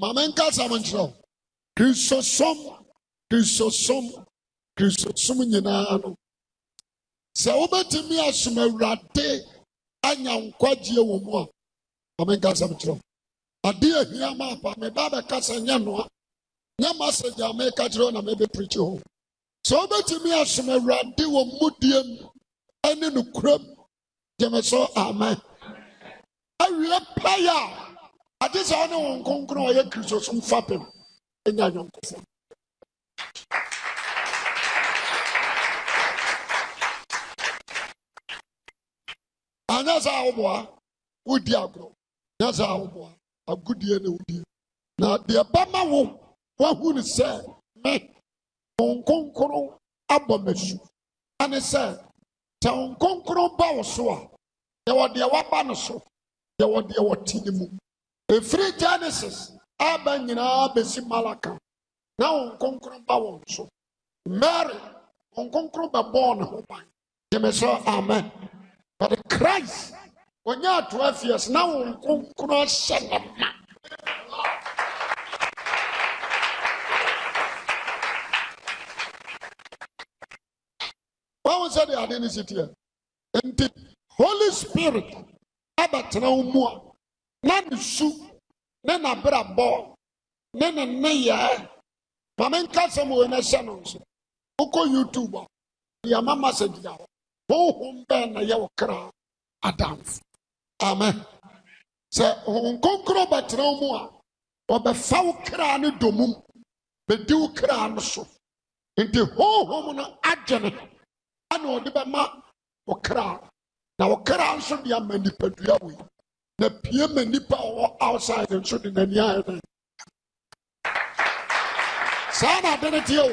maame nka asam nkyerɛ wo kristosom kristosom kristosom nyinaa no sɛ wobɛtumi asom awurade anya nkwagyeɛ wɔ mu a maame nka asam nkyerɛ wo ade ahia ma apa meba bɛkasa nyɛ noa nyɛ masage a meka kyerɛ wo na mebɛpirikyi ho sɛ wobɛtumi asom awurade wɔ mudie mu ɛne nokuram gyeme sɛ amen awie paya a agye sɛ ɔne wɔn nkonkron a ɔyɛ kristosom fapem anya nyɔnkofoɔ anyɛ ah, sɛ awoboa wodi agorɔ nyɛ sɛ awoboa agodie na wodie na deɛ bɛma wo woahu ne sɛ me wɔn nkonkron abɔ m'asu ane sɛ sɛ wɔn ba so a deɛ waba ɛfiri genesis aba nyinaa bɛsi malaka na wɔn nkonkron ba wɔn so mary wɔn nkonkron bɛbɔɔ ne ho ban gyeme sɛ amen but christ wɔnyɛ twelve years na wɔn nkonkron ahyɛ ne ma wɔn sɛ de ade ne si teɛ nti holy spirit abɛtena wɔn na nusu ne n'abrabɔ ne ne nneyɛ maame nkasa mu wɔ n'ahyɛ no nso wokɔ youtube a deɛ ama masagi a honhom bɛn na yɛ wɔ kra adamfo amen sɛ honhom kronkron bɛtena wo mu a wɔbɛfa wo kra ne domum bɛdi wo kra no so nti honhom no adwene ana ɔde bɛma wo kra na wo kra nso de ama nipadua wɔ yi na pie and nipa wɔ outside and shooting the ayɛ dɛ saa na ade ne teɛ o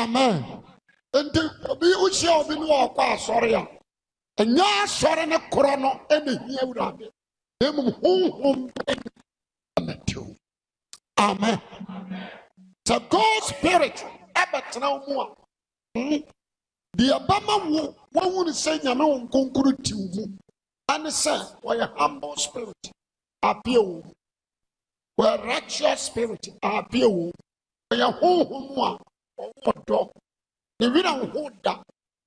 amen nti obi wohyia obi ne ɔkɔ asɔre a ɛnyɛ asɔre and korɔ no ɛna hia awurade the mmom honhom ɛna te o amen sɛ god spirit ɛbɛtena wo mu hmm, deɛ bɛma wo woahunu sɛ nyame wo nkonkoro ti wo mu sɛ wɔyɛ spirit appear wo mu wɔyɛ spirit wo mu wɔyɛ honhom mu a ɔwɔ dɔ ne werɛ nho da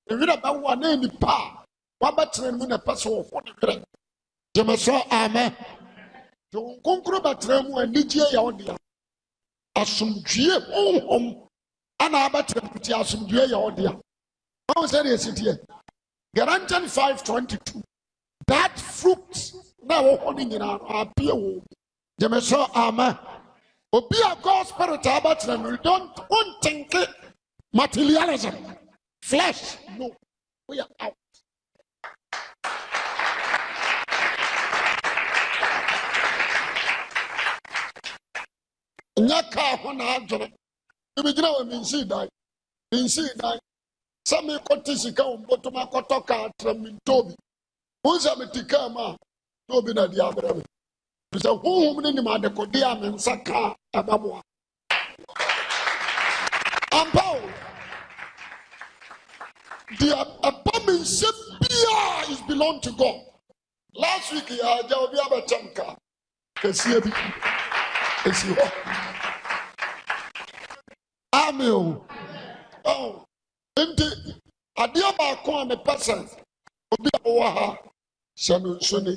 ne werɛ bɛwo a na nipa a wabɛtena no mu na ɛpɛ sɛ wɔho ne werɛ gyeme sɛ nti wo nkonkoro bɛtena mu anigyeɛ yɛ wo dea honhom ana abɛtena mu yɛ wo dea ɔn sɛ deɛ sitiɛ Galatians five twenty two that fruit never ɛwɔ in our nyinaa no apie obi spirit abɛtena We don't wontenke materialism flesh no are out nyɛ kaa ho na adwene ebi gyina wɔ mensii dan mensii dan sami mekɔte sika umboto ma koto kaa tra mentɔ bi wohu sɛ mete na obi na de abrɛ me ɛfiri sɛ honhom no nim adekodeɛ a me nsa kaa ɛbɛboa ampa o deɛ is belong to god last week yɛagya obi abɛkyɛm ka kɛseɛ bi ɛsi hɔ ame o oh. nti adeɛ baako a mepɛ obi a ha hyɛ no nso ni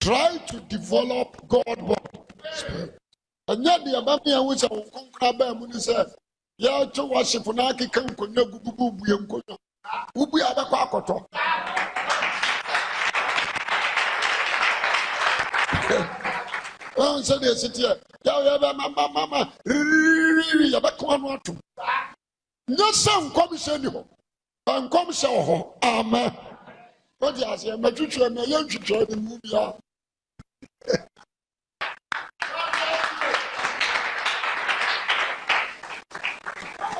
try to develop god word spirit ɛnyɛ deɛ ɛbɛmi ɛho sɛ wɔn bɛɛ mu ni sɛ worship nkonnwa gugugu bue nkonnwa a akɔtɔ. si teɛ yɛ yɛ bɛ riri nye sɛ nkɔmhyɛ ni hɔ nkɔmhyɛ wɔ hɔ ama wode aseɛ matwitwa ne mu bia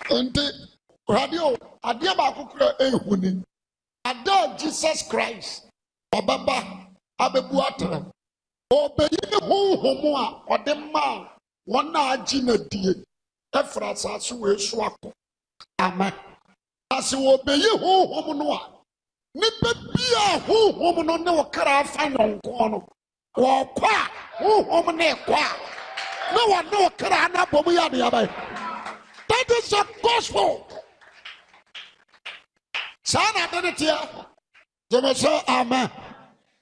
nti radio adeɛ baako kora ɛhu ni ada jesus christ ɔbɛba abɛbu atena ɔbɛyi ne honhom a ɔde maa wɔn a agye na die ɛfiri asase wei akɔ Amen. As sɛ wɔbɛyi honhom no a nnipa bi a honhom no ne wɔkra afa nyɔnkoɔ no wɔkɔ a honhom ne ɛkɔ a na wɔne wɔkra no abɔ mu yɛ adeaba that is the gospel saa na ade ne teɛ gyeme sɛ amen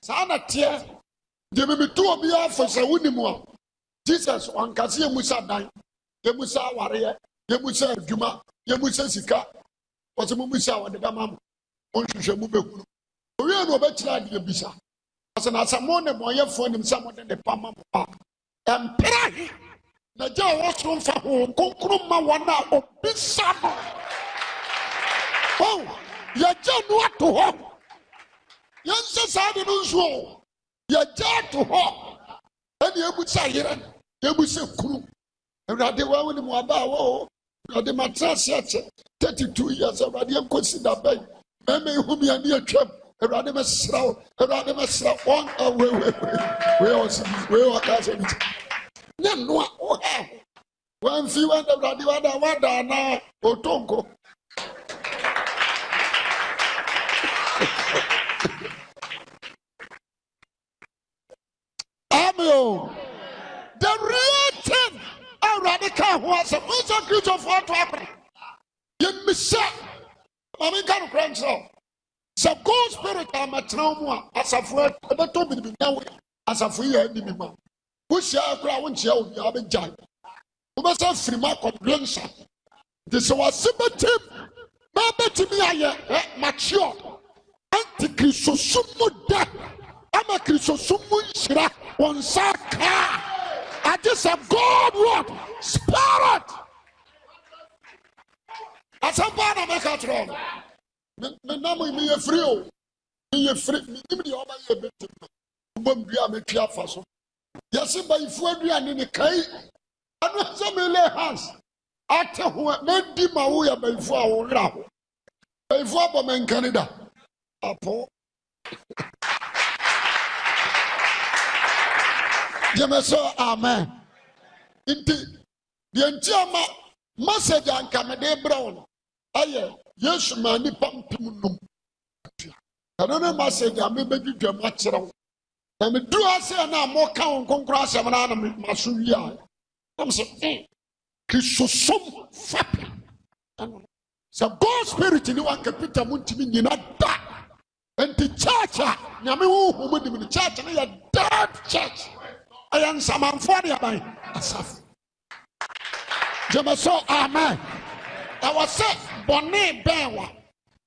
saa na teɛ gyeme metu obiara fo sɛ wonim a jesus ɔnkase yɛ mu sa dan yɛ mu sa awareɛ yɛmusa adwuma yɛmusa sika wɔsɛ mumusa a wɔde bɛma mo ɔnhwehwɛ mu bɛhunu owie na ɔbɛkyerɛ adeɛ bisa ɔsɛ na sɛ mo ne mɔyɛfoɔ nim sɛ mode ne pama mo a ɛmpera he na gya a wɔso mfa ho kronkron ma wɔn a obisa no yɛgya no ato hɔ yɛnsɛ saa de no nso o yɛgya ato hɔ ɛne yɛbusa yerɛ yɛbusa kunu awurade wa wo ne mu abaa wɔ o yɛde matrase akyɛ 32 years awurade yɛnkɔsi dabɛn mɛma ɛhumi ani atwam awurade mɛsra wo awurade mɛsra wɔn aweiwei ɔka sɛ bi ne noa woha ho wamfi wanda awurade wada wada anaa ɔtonko Amio. The real ka ho asɛm wosɛ kristofoɔ ato akora yɛmmisa mamenka nokora nkyerɛ sɛ god spirit a matena mu a asafo ɛbɛtɔ biribinya wo asafo yi a anim ma wohyia koraa wonkyea obiaa bɛgyae wobɛsɛ firi mu akɔdwensa nti sɛ wase bɛtim maabɛtumi ayɛ ɛ makyeo anti kristosom mu da ama kristosom mu nhyira wɔn nsa kaa It is a God word, spirit. Asampa na meka kyerɛ no. Me nam mi yɛ firi o. me yɛ firi. Mi nim deɛ ɔba yɛ bɛtum no. Bɔ ndua a metwi afa so. Yɛsi bayifu aduane ne kai. Ano sɛ mi lay hands. Ate ho me di ma wo yɛ bayifu a wo wura ho. Bayifu abɔ mɛ nkani da. Apo. gyeme amen nti deɛ nti ama message anka mede brɛ wo no ɛyɛ yesu maa nipa mpem num ɛno ne message a mebɛdwidwam akyerɛ wo na meduru asɛ no a moka wo nkonkoro asɛm no ana maso wie a nam eh, sɛ kristosom fapɛ So god spirit ne wanka peter mu ntimi nyina da nti church a nyame honhom nim no church no yɛ dead church ɛyɛ nsamanfoɔ ne aban asafo gyeme so amen ɛwɔ sɛ bɔne bɛn wa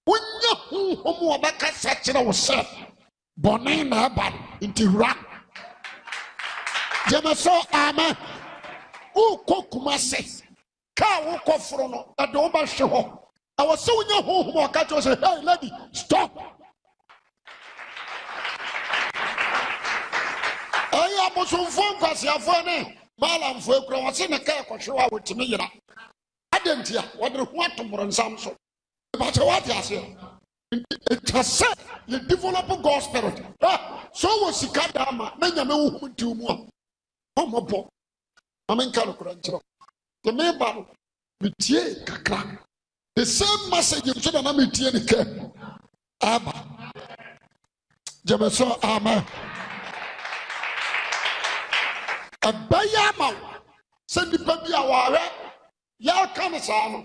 wonya honhom wɔbɛka sa kyerɛ wo sɛ bɔne na ɛba nti wura gyeme so amen wokɔ kuma se kaa wokɔ foro no ɛde wobɛhwe hɔ ɛwɔ sɛ wonya honhom a ɔka kyerɛ wo sɛ hei lady stop ɛyɛ abosomfoɔ nkwasiafoɔ ne maalamfoɔ ekura wɔsi ne kaa kɔhwe wa wotumi yira adi nti a wɔde ho ato mmorɔnsam so ìbàtɛ wate aseɛ nta sɛ yɛ develop god spirit ɛ ah, so wɔ sika daa ma ne nyame huhu nti mu a ɔmɔ bɔ maame nka no kura nkyerɛ tèmi ba no mi tie kakra the same message nso na na mi tie ne kɛ aba jẹmẹsọ amen ɛbɛyɛ ama wo sɛ nnipa bi a wɔawɛ yɛaka no saa no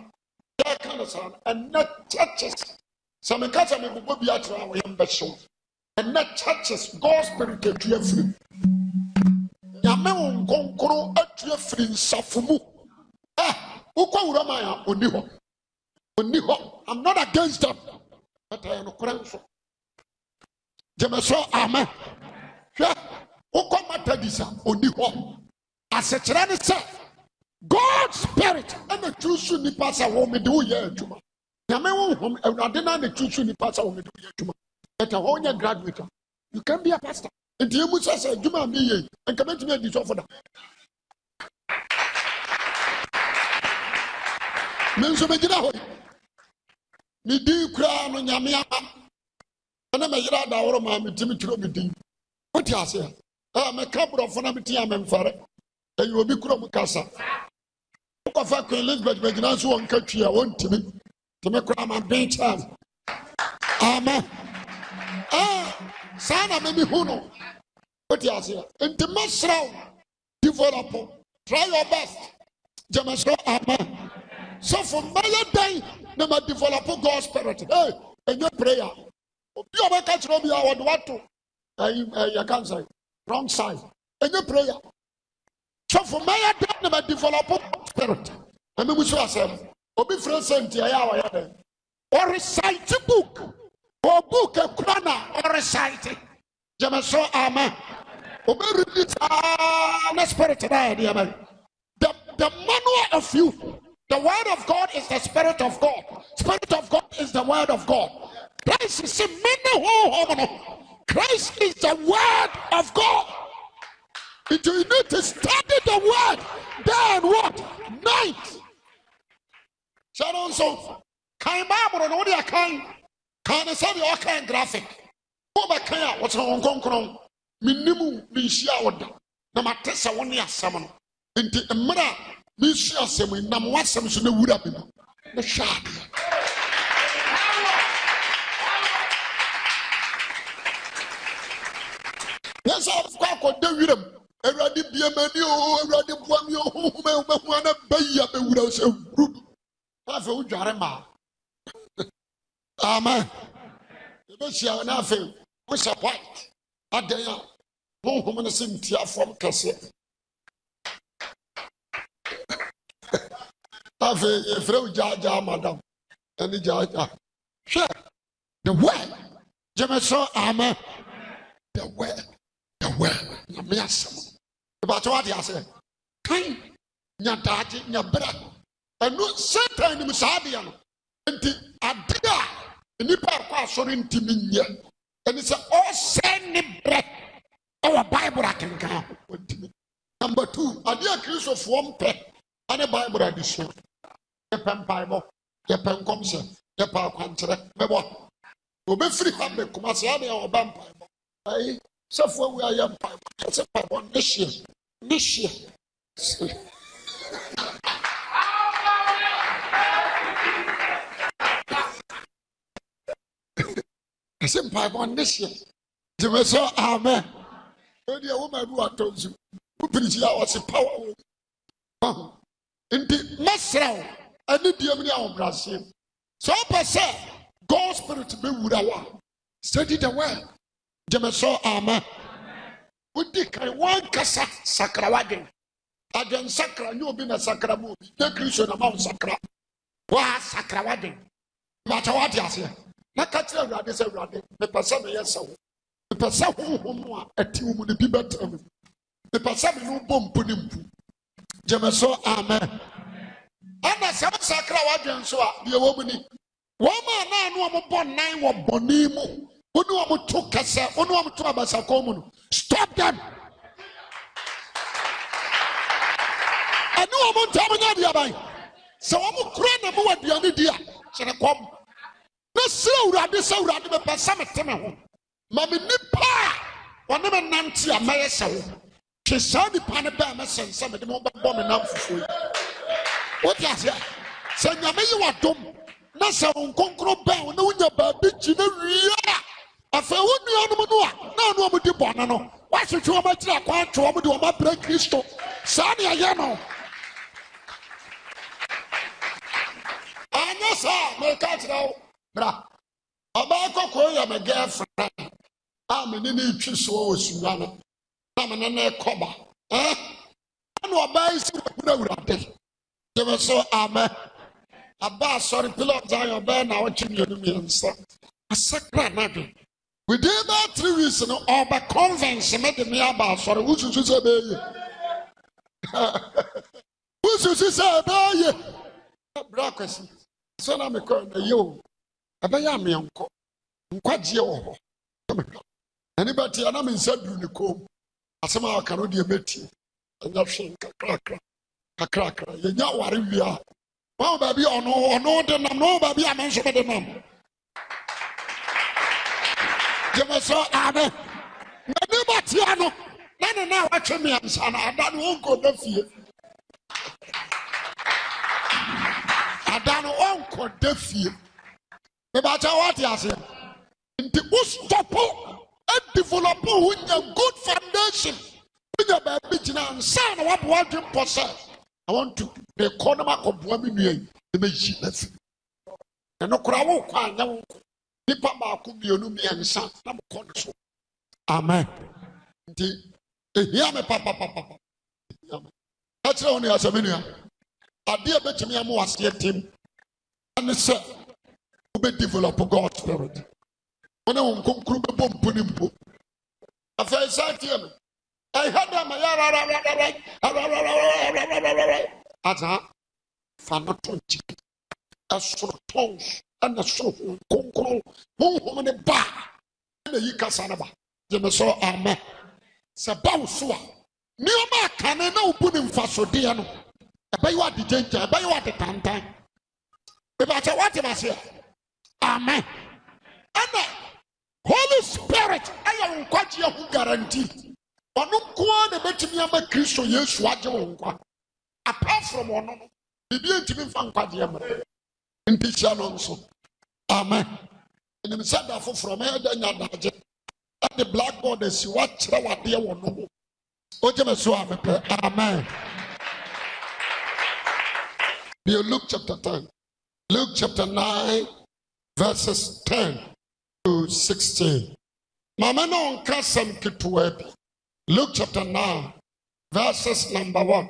yɛaka no saa no ɛnɛ churches sɛ meka sɛ mekokɔ bi akyerɛ a wɔyɛ ɛnɛ churches god spirit atua firi nyame wo nkonkoro atua firi nsafo mu ɛ wokɔ wura ma a ɔni hɔ ɔni hɔ i'm not against them but ɛyɛ nokorɛ nso gyemɛ so amen hwɛ wokɔ matadisa ɔni hɔ asekyerɛ ne sɛ god spirit ɛna twusu nipa sɛ wɔmede woyɛ adwuma nyame wohom awurade no na twusu nipa sɛ wɔmede woyɛ adwuma ɛtɛ hɔ nyɛ graduate a you can be a pastor nti ɛmu sɛ sɛ adwuma a meyɛ nka mɛtumi adi sɔfo da me nso megyina hɔ yi me din koraa no nyame ama ɛne meyerɛ adaworo maa metumi twerɛ me din wote aseɛ ɛyɛ mɛka borɔfo na mete a memfare ɛyɛ obi kurom kasa wokɔfa queen elizabeth magyina nso wɔ nka twi a wɔntimi tumi koraa ma ben charles ama saa na mami hu no wote aseɛ nti mɛsrɛ wo developo try your best gyeme so ama sɔfo mɛyɛ dan na ma developo god spirit hey, ɛnyɛ prayer obi a ɔbɛka kyerɛ obi a wɔde wato ɛyɛ kansa wrong side Any prayer So for my na never develop spirit I'm so asɛm obi fira sɛnti ɛyɛ a wɔyɛ dɛ ɔresaiti book a book or na ɔresaiti jɛmɛsɔ or obi ridi saa ah, na spirit na yɛ deɛ bɛ the the manual of you. The word of God is the spirit of God. Spirit of God is the word of God. Christ is a man Christ is the word of God. Do you need to study the word day and what? Night. Shall so, kind Bible and what you can can say the kind graphic. Go back here, what's wrong, Concron? Minimu, Minsia, what? Namatessa, one year summer. Into a mirror, Minsia, some in Namasam, so they would have been the shadow. akɔda wiram awurade biamani o awurade boami o hohoma wobɛho ana bɛyi a bɛwura sɛ wuru afei wodware maa amen yɛbɛhyia wo na afei wohyɛ white adan a honhom no sɛ ntia fam kɛseɛ afei yɛfrɛ wo gyaagyaa madam ɛne gyaagyaa hwɛ the word gyeme amen the word aware nyame asɛm ɛbɛkyɛ wade asɛ kan nya daagye nya berɛ ɛno satan nim saa deɛ no nti adeɛ a nnipa ɛkɔ asɔre ntimi nyɛ ɛne sɛ ɔsɛe ne berɛ ɛwɔ bible akenkan ho ntimi number two adeɛ a kristofoɔ mpɛ ɛne bible adesua yɛpɛ mpaebɔ yɛpɛ nkɔmhyɛ yɛpɛ akwankyerɛ mɛbɔ obɛfiri ha bɛkuma sɛ ɛdeɛ ɔbɛ mpaebɔ ɛyi sɛfo awi ayɛ mpaebɔ ɛsɛ mpaebɔ ne hyia ne hyia ɛsɛ mpaebɔ ne hyia deme sɛ amen ɛdeɛ wo maadu atɔ nsu wopirikyi a wɔse pawa wɔ mu nti mɛsrɛ wo ɛne diam ne ahobraseɛ sɛ wopɛ sɛ god spirit bɛwura wo a study the word gyemɛsɛ ama wodi kan wankasa sakra wadwen adwen sakra nyɛ obi na sakra mu obi na kristo na ma wo sakra waa sakra wadwen makyɛ wate aseɛ na ka kyerɛ awurade sɛ awurade mepɛ sɛ meyɛ sɛ wo mepɛ sɛ a ɛte wo mu ne bi bɛtra mu mepɛ sɛ me ne wobɔ mpo mpu gyemɛsɛ amen ɛna sɛ wo sakra wadwen so a deɛ wɔ mu ni wɔn a naa no a mobɔ nan wɔ bɔne mu wone wɔn to kasa wone wɔn to abasakɔn mu no stop them ɛne wɔn ntam nyɛ adeɛ ban sɛ wɔn kura na mo wɔ aduane di a kyerɛ kɔm na sɛ awurade sɛ awurade bɛpɛ sɛ me te me ho ma me nipa a wɔne me nante a mɛyɛ sɛ wo twe saa nipa no bɛɛ mɛsɛn sɛ mede mo bɛbɔ me nam fufuo yi wote aseɛ sɛ nyame yi w'adom na sɛ wo nkonkoro bɛn wo na wonya baabi gyi na wie a afei wo nuanom no a na ɔno ɔmo di bɔne no wɔahwehwɛ wɔn akyiri akwantwe wɔn de wɔn abrɛ kristo saa ne ɛyɛ no anyɛ saa meka kyerɛ wo bra ɔbaa kɔkɔɔ yɛ me girlfriend a me ne ne twi soɔ wɔ sua no na me ne ne kɔba ɛn ɛna ɔbaa yi si wɔwurawura de gyeme so amɛ aba asɔre pilɔ zion bɛɛ na ɔkye mmienu mmiɛnsa asakra anadwo within that three weeks no ɔbɛ convention mi de mi aba asɔre wususu sɛ ɛbɛɛ yɛ wususu sɛ ɛbɛɛ yɛ ɛbɛrɛ akwasi sɛ na mi kɔ ɛna yɛ o ɛbɛyɛ amia nkɔ nkwagyeɛ wɔ hɔ ɛni bɛ tia na mi nsa duru ne kɔn asɛm a ɔka no deɛ mɛtie ɛnyɛ hwee kakrakra kakrakra yɛnyɛ aware wie a wɔn baabi ɔno ɔno de nam na wɔn baabi a nam gyeme sɛ ame n'ani batea no na ne na a watwe mmiɛnsa no ada no ɔnkɔ da fie ada no ɔnkɔ da fie mebakyɛ wɔte aseɛ nti wostɔpo adevelopo ho good foundation wonya baabi gyina ansa na woabɔ w'adwe mpɔ sɛ i want to mekɔ no makɔboa me nua yi na mɛyi nafi ɛno koraa wokɔ anyɛ wo nkɔ nipa baako mmienu mmiɛnsa na mo kɔ ne so amen nti ehia mi papapapa ɛkyerɛ wɔn ne asɛm nua adeɛ bɛtumi ama waseɛ tem ɛne sɛ wobɛ develop god spirit wɔn a wɔn nkonkuru bɛbɔ mpo ne mpo afei sɛ ateɛ mi ɛhɛ dɛ ma yɛ ɛsoro tɔn ɛna soro nkonkron honhom ne ba ɛna yi kasa ne ba gyeme sɛ amen sɛ ba wo so a nneɛma akane na wobu ne mfasodeɛ no ɛbɛyɛ wɔ adegyengya ɛbɛyɛ wɔ adetantan ebakyɛ wɔate baseɛ amen ɛna holy spirit ɛyɛ nkwagye ho guarantee ɔno nko ara na ɛbɛtumi ama kristo yesu agye wo nkwa apart from ɔno no biribi ntumi mfa nkwagyeɛ mmerɛ mpikyia no nso amen ɛnim sɛ da foforɔ ma ɛda nya adagye ɛde blackboard asi wakyerɛ wadeɛ wɔ no ho ogye me so a mepɛ amen Be Luke chapter 10. Luke chapter 9, verses 10 to 16. Mama no nka sɛm ketewa bi. Luke chapter 9, verses number 1.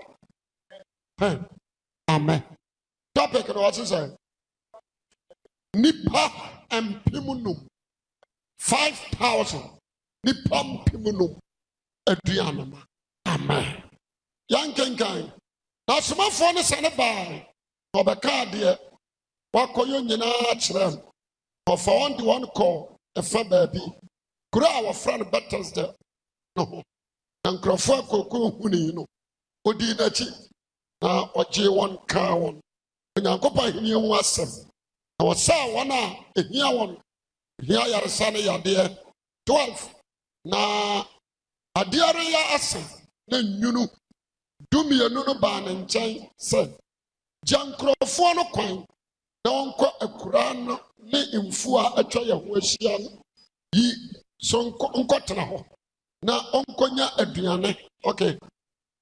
Amen. Topic no wɔte sɛ nipa mpem num five thousand nipa mpem num aduanoma amen yankankan na asomafoɔ no sane baa na ɔbɛka adeɛ wakɔyɛ nyinaa kyerɛ no ɔfa wɔn de wɔn kɔ ɛfa baabi kuro a wɔfra no bethesda no ho na nkurɔfoɔ akɔkɔ huni no odii n'akyi na ɔgyee wɔn kaa wɔn onyankopɔn ahenni ho asɛm na wɔsaa wɔn a ehia wɔn ehia yaresa ne yadeɛ twelve na adeɛ reyɛ asa na nnwunu dumienu no baa ne nkyɛn sɛ gya nkurɔfoɔ no kwan na wɔnkɔ akura no ne mfuo a atwa yɛn ho ahyia no yi so nkɔ nkɔtena hɔ na ɔnkɔnya aduane okay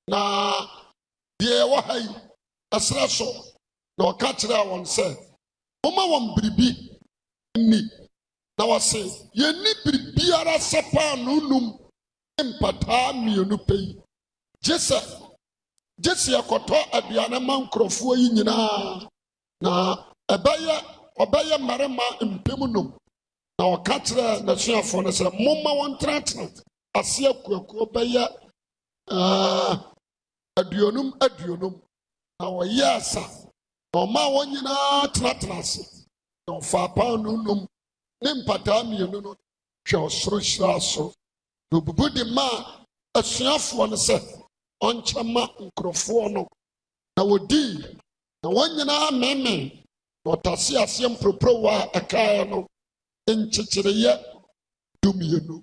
na deɛ ɛwɔ ha yi ɛsrɛ so na ɔka kyerɛ wɔn sɛ. wɔma wɔn biribi ni na wɔse yɛni biribiara sɛ paano num ne mpataa mmienu pɛ yi gye sɛ gye sɛ yɛkɔtɔ aduane ma nkurɔfoɔ yi nyinaa na ɛbɛyɛ ɔbɛyɛ mmarima mpem num na ɔka kyerɛ n'asuafoɔ no sɛ momma wɔntenatena ase akuakuo bɛyɛ aduonum aduonum na wɔyɛ asa ɔma wɔn nyinaa tenatena ase na ɔfa paanu nom ne mpataa mmienu no hwɛ ɔsoro hyira soro na obubu de maa asuafoɔ no sɛ ɔnkyɛ ma nkurɔfoɔ no na wɔdii na wɔn nyinaa mmɛmmɛn na ɔtase aseɛ mporoporowa a ɛkaeɛ no nkyekyereeɛ dumienu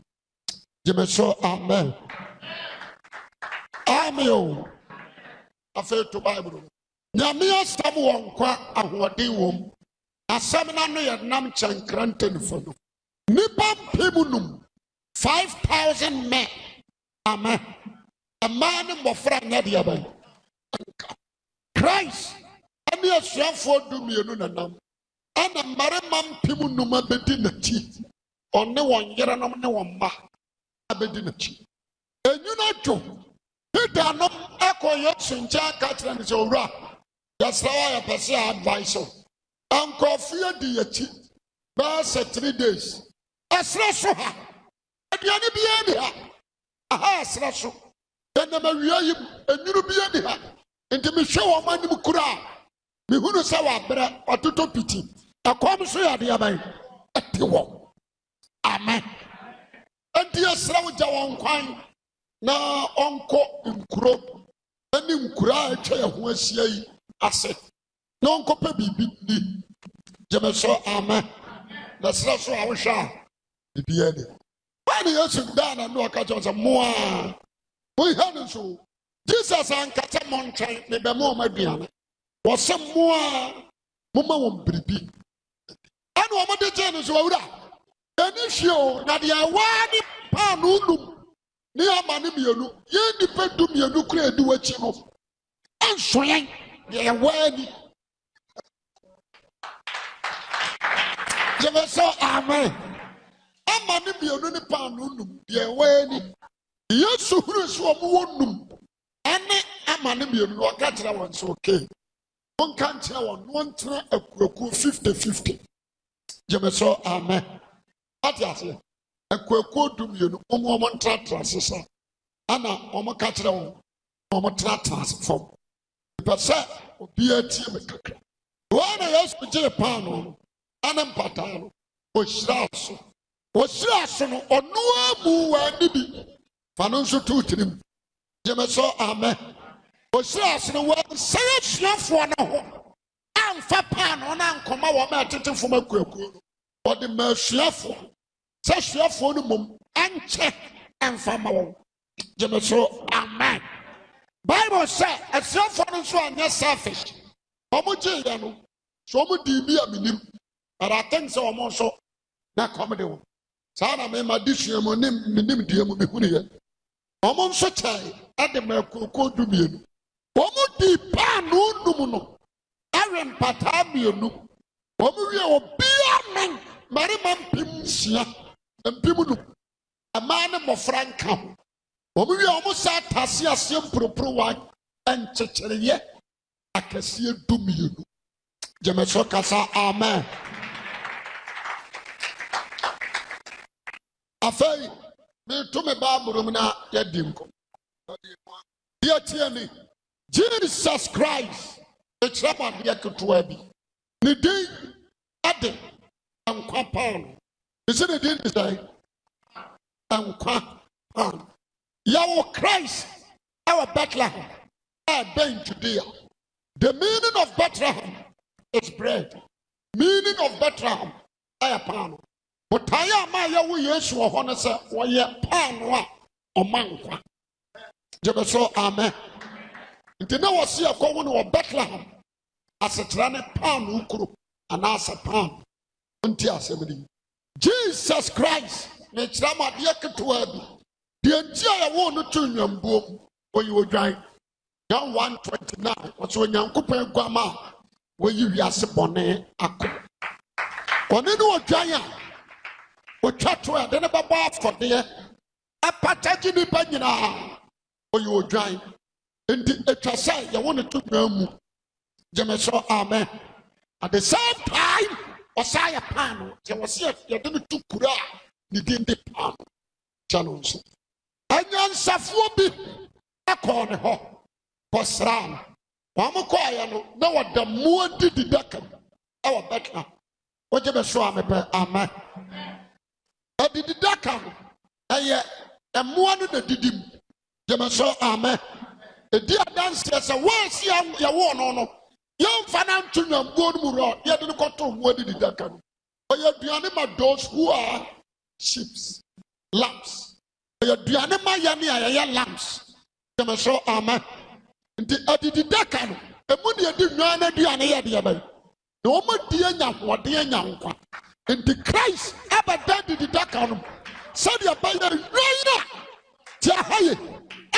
gyeme so amen amen o afei to bible no nyame asɛm wɔ nkwa ahoɔden wɔ m asɛm no ano yɛ nam kyɛnkra ntanifo no nnipa mpem num 5000 mɛ ama ɛmaa ne mmɔfra nyɛ deɛ bɛn nka christ ne asuafoɔ dumienu nanam ɛna mmarima mpem num abɛdi n'akyi ɔne wɔn yerenom ne wɔn mma abɛdi n'akyi ɛnwunu adwo peter nom akɔ yesu nkyɛn ka kyerɛ no sɛ owura yɛsrɛ wa yɛpɛ sɛ advice o nkurɔfoɔ di yɛkyi bɛyɛ three days ɛsrɛ ha aduane biyani ha aha ɛsrɛ so yɛnam awia yi mu enwuru biara ha nti mehwɛ wɔn anim kura a mehunu sɛ wabrɛ ɔtotɔ piti ɛkɔm so yɛ adeɛ bɛn ɛte wɔn amen nti yɛsrɛ wo gya wɔn kwan na ɔnkɔ nkuro ne nkura a atwa yɛn ho ahyia yi. ase na ɔnkɔpɛ biribi ni gyeme sɛ ama na serɛ so a wohwɛ a biribiaa ni maa ne yesu daa na ne ɔka kyɛm sɛ moa wohia no nso jesus ankasa mɔ nkyɛn ne bɛma ɔma aduane wɔsɛ moa moma wɔn biribi ɛne ɔmode gyee no nso wawura ɛni hwie o na deɛ waa ne paano num ne ama ne mmienu yɛn nnipa du mmienu kora adi w'akyi no ɛnso yɛn They are worthy. amen. Ama ni mmienu ni paanu num deɛ ni. Yesu huru so wɔ num. Ɛne ama ni mmienu na ɔka kyerɛ wɔn nso oke. Wɔn nkyerɛ wɔn na wɔn tena fifty fifty. Yẹ̀wẹ̀ amen. Ate aseɛ. du mmienu wɔn wɔn Ɛna wɔn ka kyerɛ pɛ sɛ obiara tie me kakra wɔn na yɛsɔ gyere paano no ɛne mpataa no ɔhyira so ɔhyira so no ɔno amu wɔn ani bi fa no nso tuu tirim gyeme sɔ amɛ ɔhyira so no wɔn nsɛn asuafoɔ no ho amfa paano na nkɔma wɔn a ɛtete fam akuakuo no wɔde ma asuafoɔ sɛ asuafoɔ no mom ɛnkyɛ ɛmfa ma wɔn gyeme sɔ amɛ bible sɛ ɛsrɛfoɔ no nso anyɛ selfish wɔn gye yɛ no so wɔn di bi a menim but i think sɛ wɔn nso na kɔm de wɔn saa na mɛma di sua mu ne menim dua mu mehunu yɛ wɔn nso kyɛn ɛde mɛkoko du mmienu wɔn di paanu num no ɛwɛ mpataa mmienu wɔn wie wɔ bia men mmarima mpem nsia mpem num mmaa ne mmɔfra nka ho. wɔn wie a wɔn sa ataase aseɛ mporoporowa nkyekyereɛ akɛseɛ du mmienu gyemɛsɛ kasa amen afei meto me baabolo mu na yɛdi nkɔ yɛtie ni jesus christ ekyerɛ mu adeɛ ketewa bi ne din ɛde nkwa paano esi ne din de sɛ nkwa paano. yɛwo christ ɛwɔ bethlehem a in judea the meaning of bethlehem is bread meaning of bethlehem ɛyɛ paano botaeɛ a ma yɛwo yesu wɔ hɔ no sɛ a ɔma nkwa gye bɛ so amen nti na wɔsi ɛkɔ wo no wɔ bethlehem asekyerɛ ne paano kuro anaasɛ paano nti asɛm no yi jesus christ mekyerɛ mu adeɛ ketewa bi deɛ nti a yɛwɔ no to nnwambuom oyi odwan john one twenty nine wɔsɛ onyankopɔn aguama a wɔyi wiase bɔne akɔ wɔne ne odwan a otwa to a de ne bɛbɔ afɔdeɛ apata gye nipa nyinaa oyi odwan nti atwa sɛ yɛwɔ no to nnwam mu gyeme so amen at the same time ɔsan yɛ paano yɛwɔ sɛ yɛde no to kuro a ne din de paano kyɛ no nso. anyansafoɔ bi akɔɔ ne hɔ kɔsraa no wɔn kɔɔeɛ no na wɔda mmoa didi daka mu ɛwɔ bɛtena wogye bɛ so a mepɛ amen adidi daka no ɛyɛ mmoa no na didi mu gye bɛ so amen ɛdi adanseɛ sɛ wɔasi yɛwɔ no no yɛmfa no nto nnwamguo no mu rɔ yɛde no kɔto mmoa didi daka no ɔyɛ aduane ma those who are sheeps lambs yɛduane ma yɛ ne a yɛyɛ lams dɛmɛ so ama nti adidi daka no emu ne yɛdi nnwan no aduane yɛ deɛ bɛyɛ na wɔn adi anya anya nkwa nti christ abɛda didi daka no sɛdeɛ bɛyɛ nnwan a te aha yɛ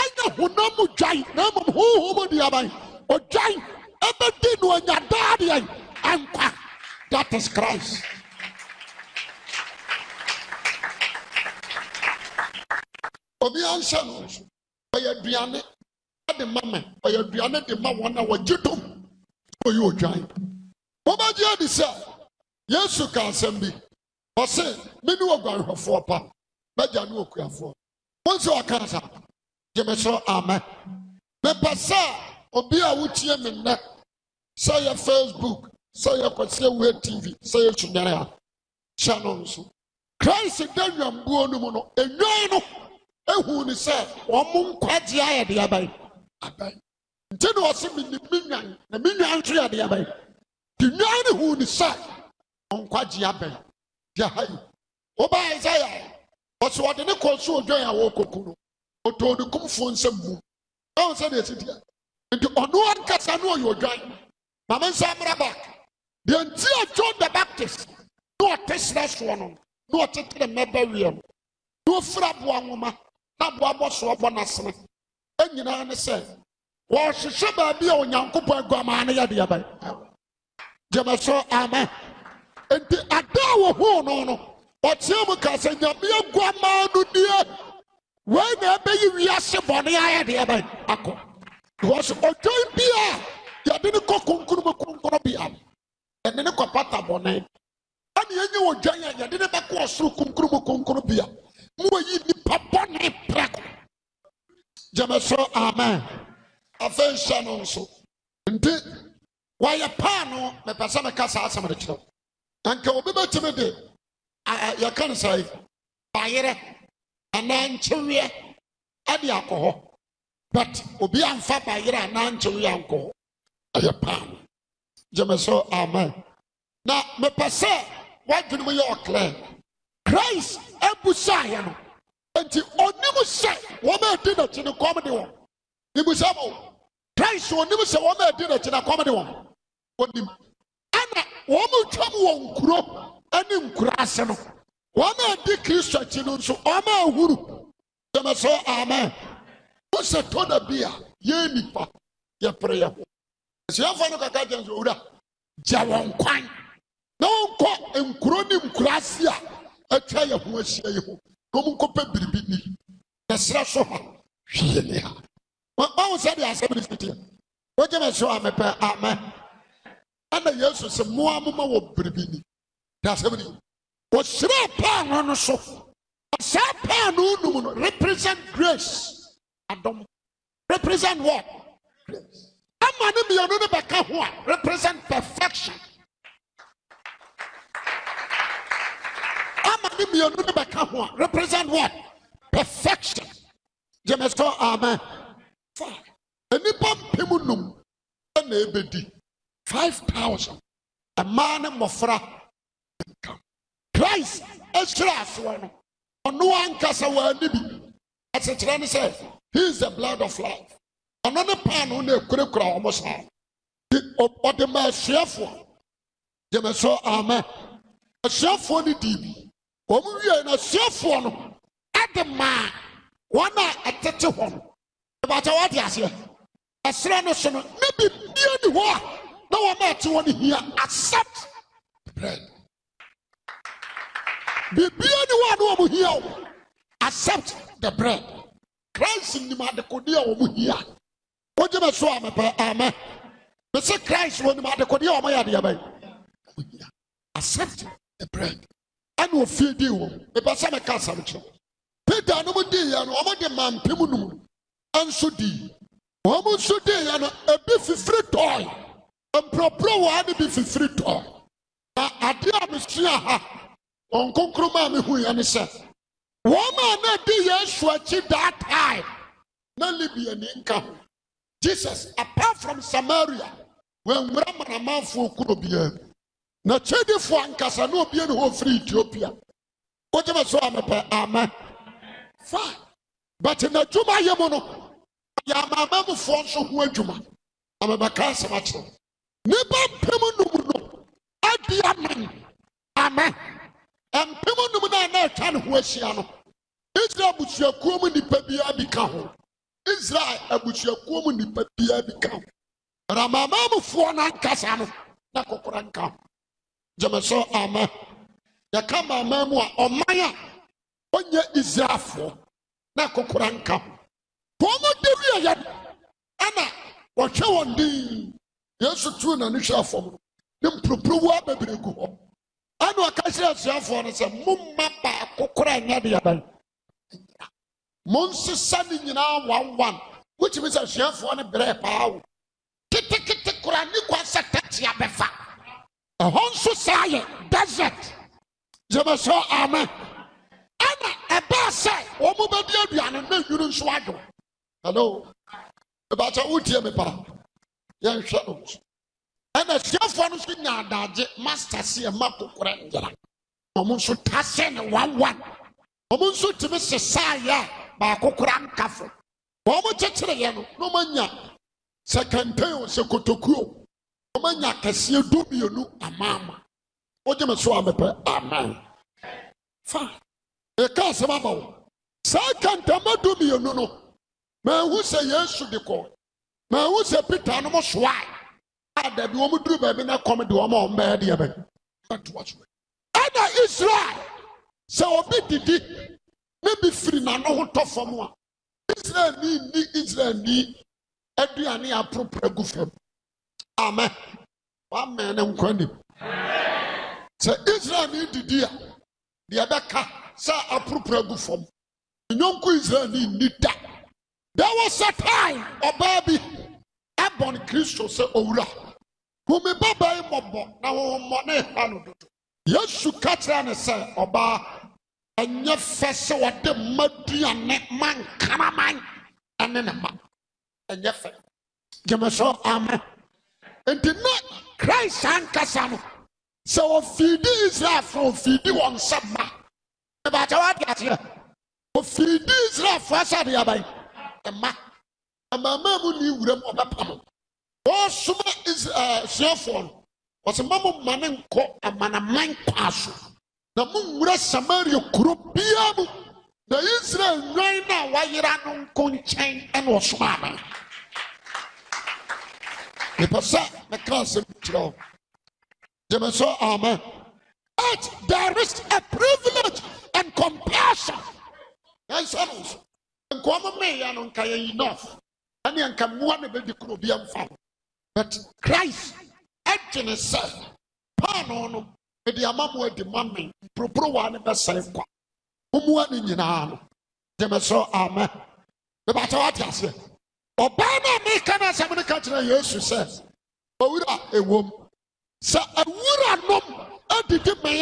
anya honam mu dwan na mmom huhu mu deɛ bɛyɛ ɛbɛdi no anya daadeɛ nkwa that is christ. obi anhyɛ no nso ɔyɛ aduane de ma mɛ ɔyɛ aduane de ma wɔn a wɔgye tom ɔyɛ odwan wɔbɛgye adi sɛ yesu ka asɛm bi ɔse me ne wɔguanhwɛfoɔ pa mɛgya ne wɔkuafoɔ wɔn nso ɔka sa gye me so amɛ mepɛ sɛ obi a wotie me nnɛ sɛ yɛ facebook sɛ yɛ kɔseɛ wei tv sɛ yɛ sunare a hyɛ no nso christ da nnwambuo no mu no enwan no ehu ni sɛ wɔn mu nkwagye ayɛ de aban aban nti na ɔsi mi ni mi nwan na mi nwan nso yɛ de aban di nwan ni hu ni sɛ nkwagye aban di aha yi ɔba isaiah ɔsi ɔde ne kɔn so odwan a wɔrekɔku no ɔtɔ ne kumfo nsɛm mu ɛwɔn sɛ deɛ esi deɛ nti ɔno ankasa no ɔyɛ odwan maame nsa mmerɛ back deɛ nti a john the baptist na ɔte serɛ soɔ no na ɔte tere mɛbɛ no na ofura boa nwoma na boabɔ soɔ bɔ n'asene nyinaa ne sɛ wɔhyehyɛ baabi a onyankopɔn aguamaa no yɛ deɛ bɛyɛ gyeme so amen nti ada a wɔhoo no no wɔteɛ mu ka sɛ nyame aguamaa no nie wei na ɛbɛyi wiase bɔne ayɛ deɛ bɛyɛ akɔ because ɔdwan bi a yɛde ne kɔ konkono konkono bia ɛne ne kɔpata bɔne ɛne yɛnyɛ ɔdwan a yɛde ne bɛkɔ ɔsoro konkono konkono bia moayi nnipa bɔne prɛko gyamɛsoro amen afei nhyɛ no nso nti wɔyɛ paa no mepɛ sɛ meka saa asɛm de kyerɛ anka obi bɛtumi de yɛka no saa yi bayerɛ anaa nkyeweɛ ɛde akɔ hɔ but obi amfa bayerɛ anaa nkyeweɛ ankɔ hɔ ɛyɛ paa no gyamɛsoro amen na mepɛ sɛ wɔadwene mu yɛ ɔclean christ abusaeɛ no nti ɔnim sɛ wɔn a di n'akyi no kɔm de wɔn ibusa mo christ ɔnim sɛ wɔn a di n'akyi no kɔm de wɔn ɔnim ɛna wɔn twam wɔ nkuro ne nkuraase no wɔn a di kristo akyi no nso wɔn a huru dɛmɛ amen wosɛ tɔ da bi a yɛn nipa yɛpere yɛ ho asuafoɔ no kaka gyɛn owura gya wɔn kwan na wɔn kɔ nkuro ne nkuraase a atwa yɛ ho ahyia yi ho na wɔn nkɔpɛ biribi ni na sra so ha hwie ne ha wɔn sɛ deɛ asɛm ne fitiɛ wɔgye me so amepɛ amɛ ɛna yesu sɛ mmoa moma wɔ biribi ni na asɛm ne wɔhyerɛ paano no so saa paano num no represent grace adɔm represent what grace ama ne mmienu no bɛka ho a represent perfection Represent what? Perfection. Jemeso, amen. Enipa five thousand. A man mmɔfra nka. Christ ahyira no. Ɔno ankasa wɔani bi. Asekyerɛ ne sɛ he is the blood of life. Ɔno ne paano na ekurakura wɔn saa. Ɔde ma asuafoɔ. Jemeso, amen. Asuafoɔ ne dii wɔn wie na suafoɔ no de maa wɔn a ɛtete hɔ no ìbàtà wɔn adi aseɛ ɛsrɛ no so no ne bi bie ni hɔ a na wɔn a ɛte hɔ no hia accept bread bibie ni hɔ a na wɔn hia o accept the bread christ nim adekode a wɔn hia wɔn gyina so amepɛ amɛ bɛsɛ christ wɔn nim adekode a wɔn yɛ adeɛ bɛyɛ wɔn hia accept the bread. ɛna ofi di wɔn eba sɛ mɛka asɛm kyerɛ peter anum di yɛ no wɔn de mampem num nso di wɔn nso di yɛ no ebi fifiri tɔɔe mpurɔpurɔ wɔ ha bi fifiri tɔɔe na adeɛ a mesua ha wɔn konkuroma a mehu yɛ ne sɛ wɔn a na di yesu akyi daa taae na libya ni nka ho jesus apart from samaria wɔn nwura manamanfoɔ kuro biara. na fo ankasa no obie ne hɔ firi ethiopia wogyeme so amepɛ amɛ fa but na juma ye mo no ya yɛ amaamamufoɔ nso ho adwuma amebɛka asɛm che ne ba num no no adi amen amɛ am num no a na atwa ne ho ahyia no israel bu abusuakuo mu pa bia bi ka ho israel bu abusuakuo mu pa bia bi ka ho ra mo fo na ankasa no na kokora nka ho gyemesɛ ama yɛka maama mu a ɔman a ɔnyɛ israelfoɔ na kokora nka wɔn mo de wi ɛyɛ ɛna wɔhwɛ wɔn din yesu tuu n'ani hwɛ fam ne mpurupuruwa bebree gu hɔ ɛna ɔka kyerɛ asuafoɔ no sɛ mo mma baako kora nyɛ deɛ bɛn mo nsesa ne nyinaa wan wan wotumi sɛ asuafoɔ no brɛ paa wo ketekete kora ne kwa sɛ tatia bɛfa ɛhɔ nso saa yɛ desert yɛbɛsɛ amen ɛna ɛbɛɛ sɛ wɔn mo bɛdi aduane na nhwiri nso adwo hello ebaasa wotie mi paa yɛnhwɛ no ɛna suafoɔ no nso nya adagye master si ɛma kokora nyera wɔn nso tase ne one one wɔn nso tumi sesa yɛ baako kora nka fo wɔn kyekyere yɛ no na wɔn anya sɛ kɛntɛn o sɛ kotokuo wɔmanya kɛseɛ du mmienu amaama wogye me so a mepɛ amen fa ɛka asɛm aba wo saa kɛntama du mmienu no mahu sɛ yesu de kɔ mahu sɛ peter no mo soa a dabi wɔn duru baabi na kɔm de wɔn a wɔn bɛyɛ deɛ bɛn ɛtoa so israel sɛ obi didi ne bi firi n'ano ho tɔ fam a israel ni ni israel ni aduane aporopora gu fam amen wamɛn ne nkwa nim sɛ israel ni didi a deɛ bɛka sɛ aporoporo agu fam nyɔnko israel ni ni da there was a time ɔbaa bi ɛbɔn kristo sɛ owura humi baba yi mɔbɔ na wɔmɔ ne ha no dodo yesu ka kyerɛ ne sɛ ɔbaa ɛnyɛ fɛ sɛ wɔde mma duane ma nkaraman ɛne ne ma ɛnyɛ amen nti na christ ankasa no sɛ ɔfiidi israelfoɔ ɔfiidi wɔn nsa ma ɛbaakyɛ wade aseɛ ɔfiidi israelfoɔ asadeɛ aban ɛma amaamaa mu ne wuram ɔbɛpam wɔresoma ɛɛ suafoɔ no wɔsɛ ma mo ma ne nkɔ amanaman kwaa so na mo nwura samaria kuro biara mu na israel nwan no a wayera no nko nkyɛn ɛna ɔsoma aban mepɛ sɛ meka asɛm kyerɛ wo gyeme so amen but there is a privilege and compassion ɛnsɛ no so nkɔm meeyɛ no nka yɛ enough ɛne nka mmoa ne bɛdi kuro bi amfa ho but christ ɛdwene sɛ paano no mede ama mo adi ma me poroporowa ne bɛsɛe kwa momoa no nyinaa no gyeme so amen mebatɛ woate aseɛ ɔbaa no a meka no asɛm no ka kyerɛ yesu sɛ owura ɛwom sɛ awura nom adidi mmɛn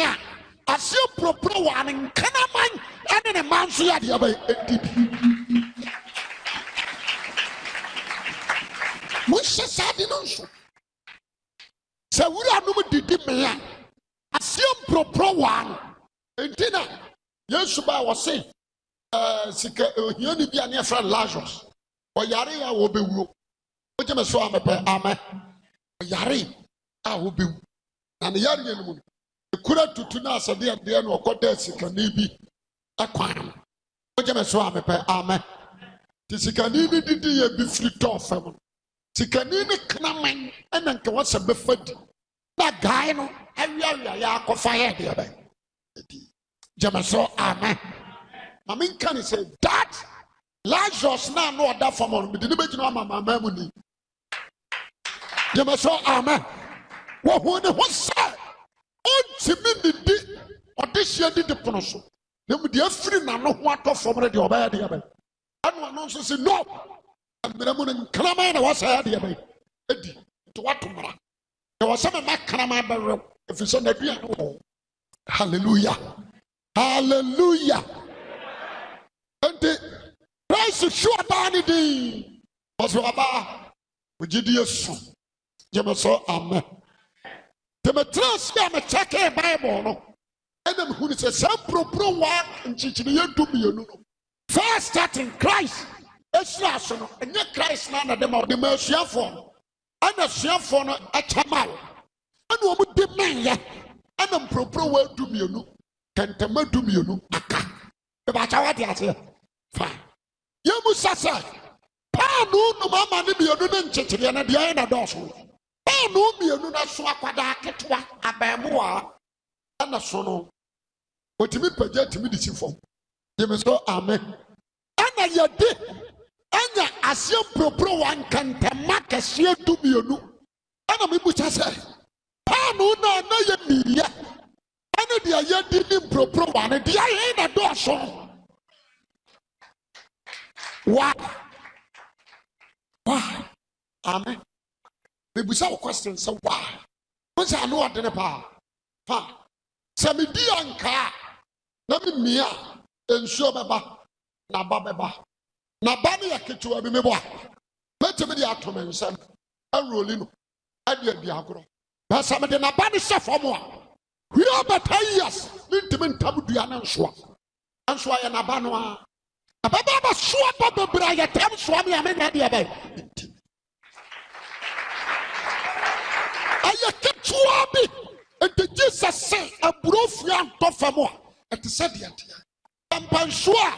a aseɛ puropuro wɔ ane nkanaman ɛne ne mma nso yɛ adeɛ bɛyɛ ɛdidi monhyɛ saa de no nso sɛ awura nom didi mmɛn a aseɛ mporoporo wɔ ano enti na yesu baa wɔ se ɛɛ sika ohiani bi a ne ɔyare a wɔbɛwuo wogye me so a mepɛ amɛ ɔyare a wɔbɛwu na ne yareɛ no mu no ɛkura tutu no asɛdeɛdeɛ no ɔkɔda sikani bi kwan no wogye me so a mepɛ amɛ nti sikani no didi yɛ bi firi tɔɔ fam no sikani no knaman ɛna nka wɔsɛ bɛfa di na gae no awiawia yɛ akɔfa yɛ deɛ bɛ gye me so amɛ ma menka ne sɛ that lazarus náà ní ọ̀dà fam ọ̀rọ̀ mìdí ní bẹ́ẹ̀ gyina ọmọ màmá mu ni jẹmẹsọ amen wọ́n hu ni wọ́n sẹ́ ọ́ ntìmí ni di ọ̀dẹ́ hyia di di pono so na mu deɛ firi n'ano ho atɔ fam no deɛ ɔbɛyɛ deɛ bɛyɛ ɛnu ɔno nso si no mmerɛ mu no nkraman na wɔsɛ yɛ deɛ bɛyɛ edi nti wɔato mmara na wɔsɛ mi ma kraman bɛwerɛw efisɛ na dua no wɔ hallelujah hallelujah. susu ɔbaa no din ɔsɛ ɔbaa ogyidie so gye me sɛ a bible no ɛna mehunu sɛ saa mpuropuro waa nkyekyereyɛ du first starting christ ɛsira so no ɛnyɛ christ na na de ma ɔde ma asuafoɔ no ɛna asuafoɔ no ɛkyɛ ma wo ɛna wɔn de menyɛ ɛna mpuropuro waa du mmienu kɛntɛmɛ du fine. yɛmu sa sɛ paanu nomama ne mmienu ne nkyekyereɛ no deɛ ɛyɛ na dɔɔso paanu mmienu no so akwadaa ketewa abɛɛmoa ɛna so no otumi pagya tumi de si fam yɛmi so amen ɛna yɛde ɛnya aseɛ mporoporo wa nkɛntɛma kɛseɛ du mmienu ɛna mebusa sɛ paanu na na yɛ mmiiɛ ɛne deɛ yɛdi ne mporoporo wa no deɛ ɛyɛ na dɔɔso no why why amen mebisa wo question sɛ why mo sɛ ano ɔdene paa paa sɛ medi ankaa na memia a nsuo bɛba na ba bɛba na ba no yɛ ketewa bi mebɔ a mɛtumi de ato me nsɛm awuroli no ade adi agorɔ bɛsɛ mede naba no hyɛ fam a hwee bɛta years ne ntimi ntam dua ne nsoa nsoa yɛ naba no a abɛbɛ abɛsoa bɔ bebree a yɛtam soa me a menyɛ deɛ bɛyɛ ɛyɛ ketewa bi nti e jesus se aburo fua ntɔ fam a ɛte sɛ deɛ deɛ pampansuo a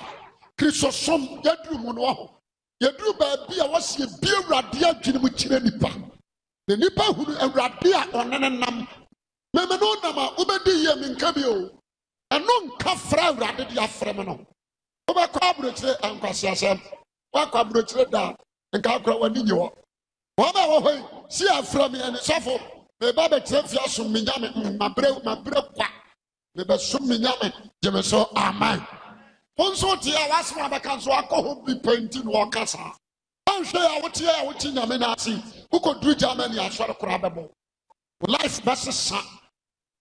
kristosom yɛduru mu no hɔ yɛduru baabi a wɔsi ebi awurade adwene mu kyerɛ nipa na nipa hunu awurade a ɔne ne nam mɛmɛ no nam a wobɛdi yie mi nka bi o ɛno nka fira awurade de afrɛ mu no wobɛkɔ aburokyire ankwasiasɛm wakɔ aburokyire da nka akora w'ani nye hɔ wɔn a wɔhɔ yi si afra mi ɛni sɔfo mɛba bɛtire fi asom mi nyame mmabere mmabere kwa mɛbɛsom mi nyame gyeme so amen wɔn nso tie a wɔasoma bɛka nso akɔ hɔ bi pɛnti na wɔka saa ahwɛ a wotie a wotie nyame n'ase wokɔduru germany asɔre koraa bɛbɔ life bɛsesa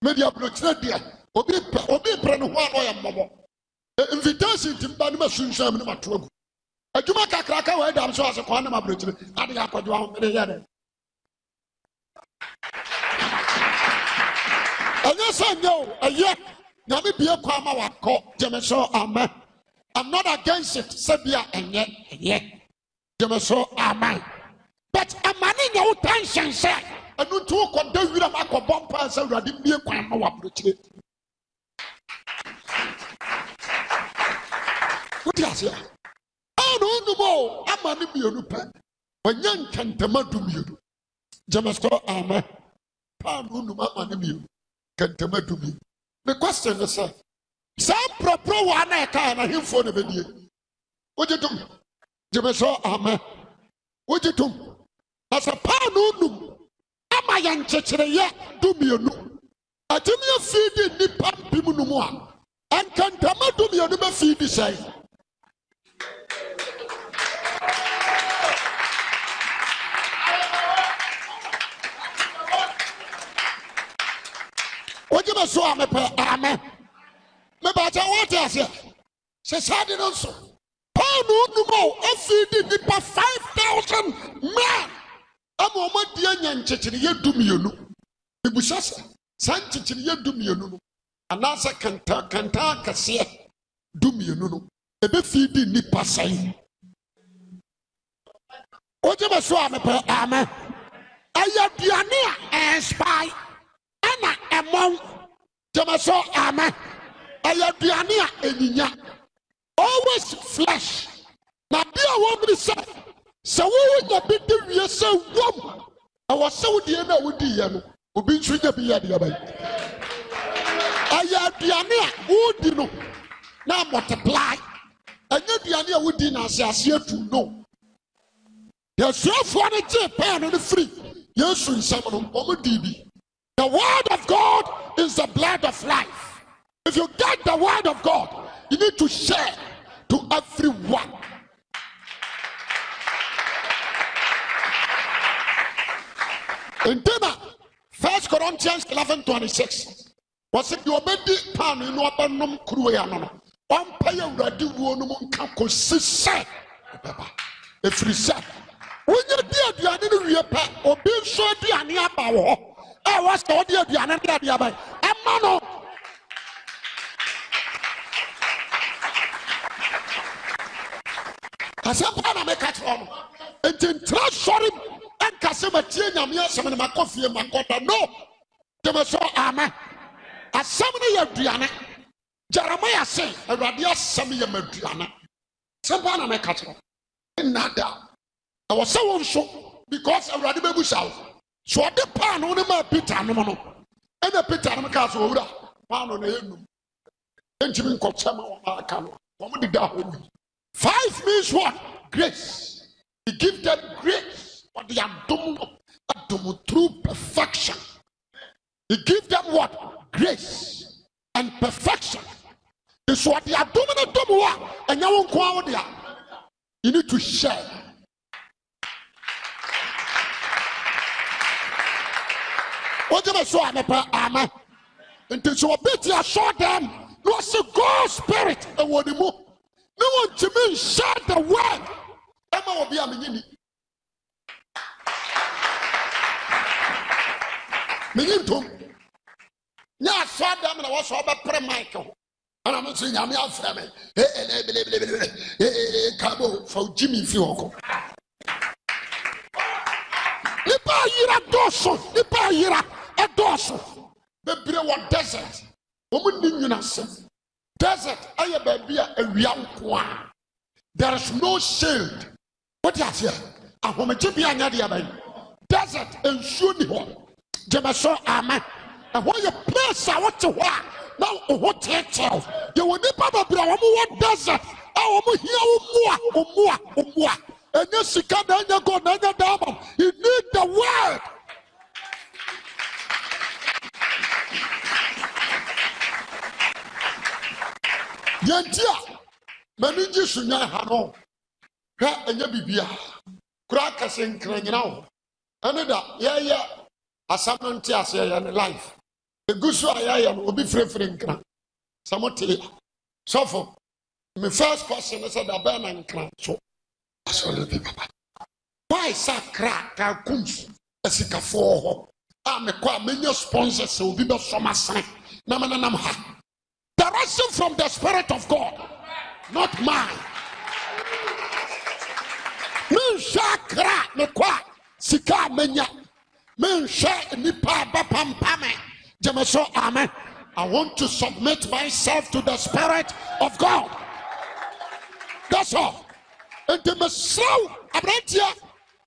media burokyire deɛ obi pɛ obi pere ne ho a ɔyɛ mmɔbɔ invitation ti mba ne ma sunsun mu ne ma to agu adwuma kakraka wɔ adam so ase kɔn ne ma burokyire ade yɛ akɔdwa ho mene yɛ dɛ ɛnyɛ sɛ nyɛ o ɛyɛ nyame bie kɔ ama wakɔ gyeme so amen i'm not against it sɛ bia ɛnyɛ ɛyɛ gyeme so amen but ama ne nyɛ wo tension sɛ ɛno nti wokɔda wiram akɔbɔ mpaa sɛ awurade mbie kwan ma waburokyire wote aseɛ ɛna ɔnum o ama ne mmienu pɛ wɔnyɛ nkɛntɛma du mmienu gyamɛsɔ ama paano ɔnum ama ne mmienu nkɛntɛma du mmienu ne question ne sɛ saa mprɛprɛ wɔ ana ɛka na ahemfo na bɛdie wogye tom gyamɛsɔ ama wogye tom na sɛ paano ɔnum ama yɛ nkyekyereɛ du mmienu atumi afi di nnipa mpem no mu a nkɛntɛma du mmienu bɛfi di sɛn. wogye me so a mepɛ amɛ mebakyɛ wote aseɛ sɛ saa de no nso paul no onum a afii de nnipa 5000 men ama ɔmadi anya nkyekyereeɛ dumienu mebusa sɛ saa nkyekyereeɛ dumienu no anaasɛ kantaa kantaa kɛseɛ dumienu no ɛbɛfii de nnipa sɛe wogye me so a mepɛ amɛ ɛyɛ aduane a ɛnspire ɛmɔn tẹmɛsɔ amɛ ɛyɛ aduane a ɛnyinya always flesh na bi a wɔn mi sɛ sɛ wɔwɔ nya bi di wie sɛ wɔm ɛwɔ sɛw deɛ no a wɔdi yɛ no obi nso nya bi yɛ adeɛ bɛyɛ ɛyɛ aduane a wɔredi no na multiply ɛnyɛ aduane a wɔdi na asease atu no yɛsuafoɔ no gye pɛɛ no no firi yesu nsɛm no wɔn di bi. The word of God is the blood of life. If you get the word of God, you need to share to everyone. In dinner, First Corinthians 11 26. Wɔsi deɛ ɔbɛdi paanu yi na ɔbɛnum kuruwa yi ano no ɔmpa yɛ awurade wuo no mu nka kò si sɛ you efiri sɛ wonye di or no wie pɛ obi a wɔsɛ ɔde aduane de adeɛ aba ɛma no asɛm pa na meka kyerɛ no nti ntra sɔre ɛnka sɛ matie nyame asɛm no makɔ fie makɔda no gyeme so ama asɛm no yɛ aduane jeremia se awurade asɛm yɛ maduane asɛm pa na meka kyerɛ nna da ɛwɔ sɛ wo nso because awurade bɛbu sa wo so ɔde paano no maa peter nom no ɛna peter nom kaa sɛ owura paano na yɛnum ɛntumi nkɔkyɛ ma wɔn aka no wɔn deda hɔ wi five means what grace he give them grace ɔde adum no adum through perfection he give them what grace and perfection nso ɔde adum no dum wɔ a ɛnyɛ wɔn nko ara wɔ deɛ you need to share. wogye me so a mepɛ ama nti sɛ wɔbi te asɔ dam na ɔse god spirit ɛwɔ ne mu na wɔntumi nhyɛ the word ɛma wɔbi a menye ni menye ntom nyɛ asɔ dam na wɔsɛ wɔbɛpere mike ho ana mo nso nyame afrɛ me ɛɛnɛbelebelebele kabo fa gyi me mfi hɔ kɔ nipa ayera dɔɔso nipa ayera ɛdɔɔso bebree wɔ desert wɔn ni nwina se desert ɛyɛ baabi a awia one. there is no shade wɔde aseɛ ah, ahomegye bi anya deɛ bɛyɛ desert nsuo ni hɔ gyemɛso ama ah, ɛhɔ yɛ place a ah, what hɔ a na oh, ɔho teetew yɛwɔ nipa bebree a wɔn wɔ desert a wɔn hia wɔn mua wɔn mua wɔn mua ɛnyɛ sika na ɛnyɛ gold na ɛnyɛ diamond you need the word. deɛ nti a m'ani gye so nya ha no hwɛ ɛnyɛ bibia kura kɛse nkranyina wɔ ɛne da yɛyɛ asam no nte ase yɛyɛ ne life egu so a yɛyɛ no obi firifiri nkran sɛ mo te sɔfo me first question sɛ da na nkran so asɔre bi baba why sa kra ka kum asikafoɔ hɔ a mekɔ a menya sponsors obi bɛ sɔm asene na menenam ha. Direction from the Spirit of God, not mine. Menhwɛ akra me kɔ a sika a menya. Menhwɛ nipa bɛpampa me. Gyeme amen. I want to submit myself to the Spirit of God. That's all. Nti mesrɛw aberanteɛ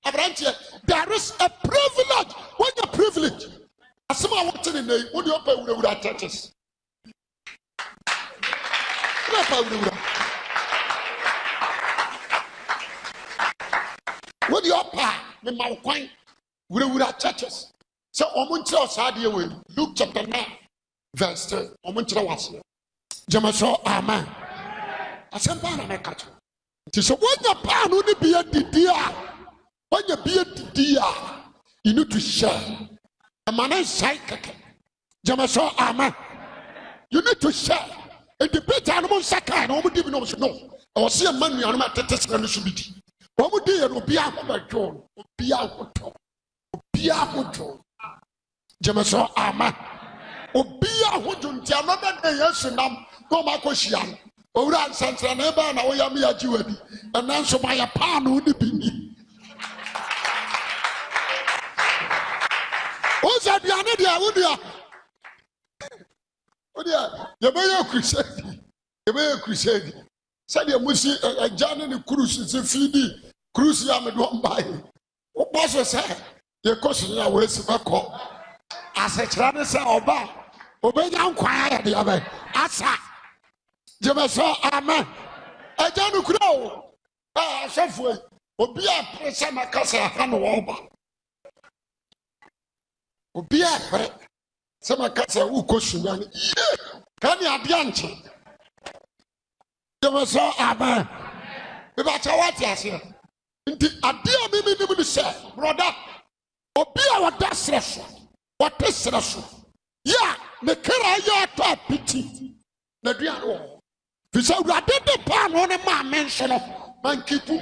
aberanteɛ there is a privilege. a privilege. Asɛm a wɔte ne nnayi, wɔde ɔpɛ wurawura churches. என்ன பாருங்க wodi ɔpa ne ma wo kwan wurawura churches sɛ ɔmo nkyerɛ ɔsaa adeɛ wei luke chapter nine verse three ɔmo nkyerɛ w'aseɛ gyama sɛ amen asɛm paa na mɛka to nti sɛ wonya paano ne bia didi a wonya bia didi a you need to share ɛma ne nsae kɛkɛ gyama amen you need to share nti peter anum nsa kaa na wɔn di bi na wɔn so no ɛwɔ si ɛma nuanum a tete sira no so bi di wɔn di yɛ no obi ahoma dwon obi ahotɔ obi ahodwon gyemesɛ ama obi ahodwon nti anɔda na yɛ so nam na wɔn akɔ hyia no owura nsansana ɛbɛn na wɔyɛ mi yagye wɔ bi ɛnna nso ma yɛ paanu ni bi ni. wọ́n sọ aduane deɛ wọ́n dua wodi a yɛbɛyɛ kurisɛdi yɛbɛyɛ kurisɛdi sɛdeɛ musi ɛgya ne ne kurusi si fiidi kurusi a mede wɔn baayɛ wɔbɔ so sɛ yɛkɔ so nyina wɔasi bɛkɔ asekyerɛ ne sɛ ɔba ɔbɛnya nkwan ayɛ deɛ bɛ asa gyemɛsɛ amen ɛgya no kura o a asɔfoɔ yi obi a pere sɛ mɛka sɛ ɛha ne wɔba obi a pere sɛ mɛka sɛ wokɔ sua no ye ka ne adeɛ nkye gyeme sɛ amen mebakyɛ woate aseɛ nti adeɛ a memenim no sɛ brɔda obi a wɔda serɛ so wɔte serɛ so yɛ a ne kra yɛ atɔ a piti n'aduane wɔ hɔ firi sɛ awurade de paa no ne maa me nso no mankipu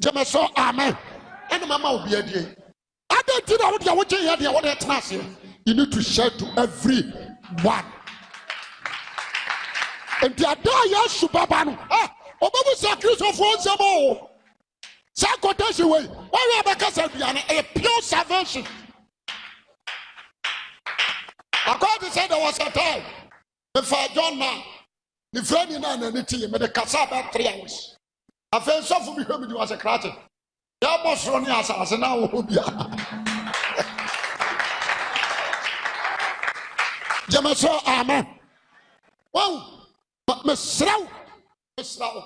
gyeme sɛ amen ɛne mama obi adie adɛ nti na wodeɛ wogye yɛ deɛ wode tena aseɛ you need to share to every ah, one. nti ada a yɛasu baba no ɔbɛbu sɛ akristofoɔ nsɛm o saa kɔtasi wei wɔyɛ bɛka sɛ aduane ɛyɛ pure salvation akɔyɛ te sɛ there was a time mefa john na ne frɛni no a n'ani teye mede kasa about three hours afei nsɔfo bi hwɛ mi di wasɛ krakye yɛbɔ soro ne asase na wɔhɔ biara gyama sɛ amen wɔn mesra wo mesra wo